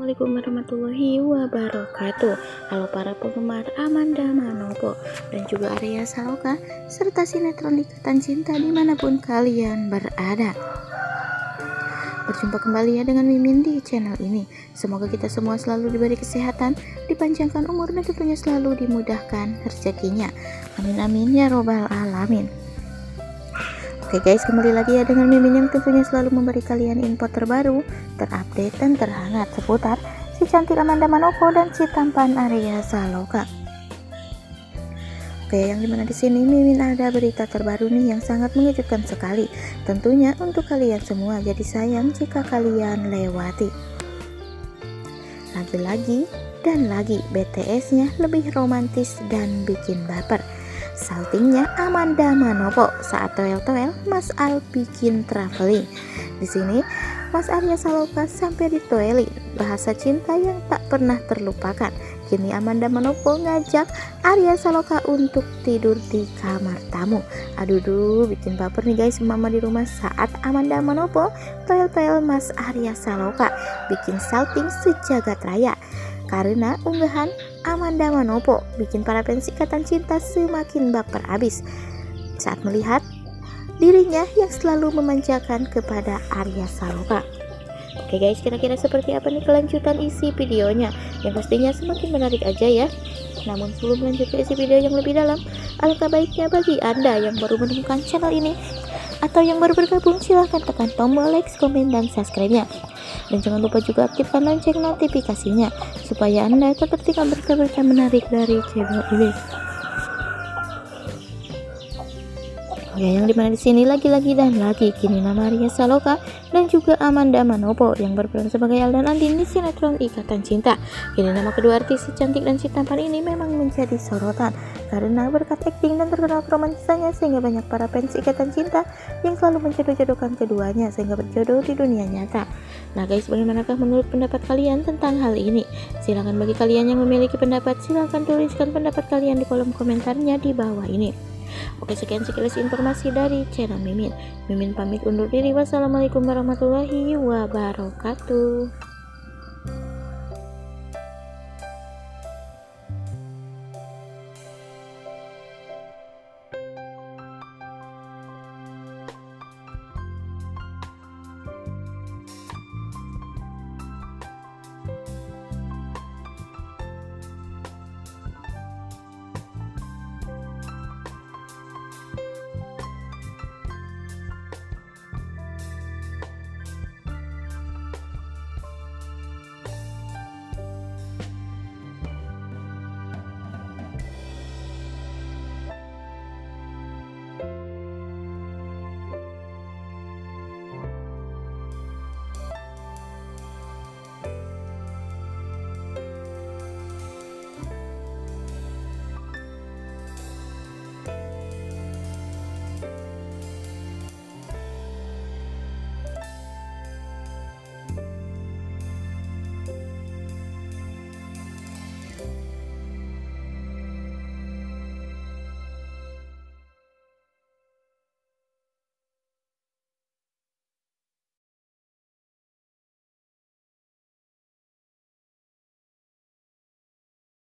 Assalamualaikum warahmatullahi wabarakatuh Halo para penggemar Amanda Manopo dan juga Arya Saloka serta sinetron Ikatan Cinta dimanapun kalian berada Berjumpa kembali ya dengan Mimin di channel ini Semoga kita semua selalu diberi kesehatan, dipanjangkan umur dan tentunya selalu dimudahkan rezekinya Amin amin ya robbal alamin Oke guys, kembali lagi ya dengan Mimin yang tentunya selalu memberi kalian info terbaru, terupdate, dan terhangat seputar si cantik Amanda Manopo dan si tampan Arya Saloka. Oke, yang dimana di sini Mimin ada berita terbaru nih yang sangat mengejutkan sekali. Tentunya untuk kalian semua, jadi sayang jika kalian lewati. Lagi-lagi dan lagi BTS-nya lebih romantis dan bikin baper. Saltingnya Amanda Manopo saat toel-toel Mas Al bikin traveling. Di sini, Mas Arya Saloka sampai di toeli bahasa cinta yang tak pernah terlupakan. Kini Amanda Manopo ngajak Arya Saloka untuk tidur di kamar tamu. Aduh duh, bikin baper nih guys mama di rumah saat Amanda Manopo toel-toel Mas Arya Saloka bikin salting sejagat raya. Karena unggahan Amanda Manopo bikin para fans ikatan cinta semakin baper abis saat melihat dirinya yang selalu memanjakan kepada Arya Saloka. Oke guys, kira-kira seperti apa nih kelanjutan isi videonya? Yang pastinya semakin menarik aja ya. Namun sebelum lanjut ke isi video yang lebih dalam, alangkah baiknya bagi Anda yang baru menemukan channel ini atau yang baru bergabung silahkan tekan tombol like, komen, dan subscribe-nya dan jangan lupa juga aktifkan lonceng notifikasinya supaya Anda tetap tidak berkabar menarik dari channel ini. Ya, yang dimana di sini lagi-lagi dan lagi kini nama Ria Saloka dan juga Amanda Manopo yang berperan sebagai Aldan Andin di sinetron Ikatan Cinta. Kini nama kedua artis si cantik dan si tampan ini memang menjadi sorotan karena berkat akting dan terkenal romantisanya sehingga banyak para fans Ikatan Cinta yang selalu menjodoh-jodohkan keduanya sehingga berjodoh di dunia nyata. Nah guys, bagaimanakah menurut pendapat kalian tentang hal ini? Silahkan bagi kalian yang memiliki pendapat, silahkan tuliskan pendapat kalian di kolom komentarnya di bawah ini. Oke sekian sekilas informasi dari channel Mimin. Mimin pamit undur diri. Wassalamualaikum warahmatullahi wabarakatuh.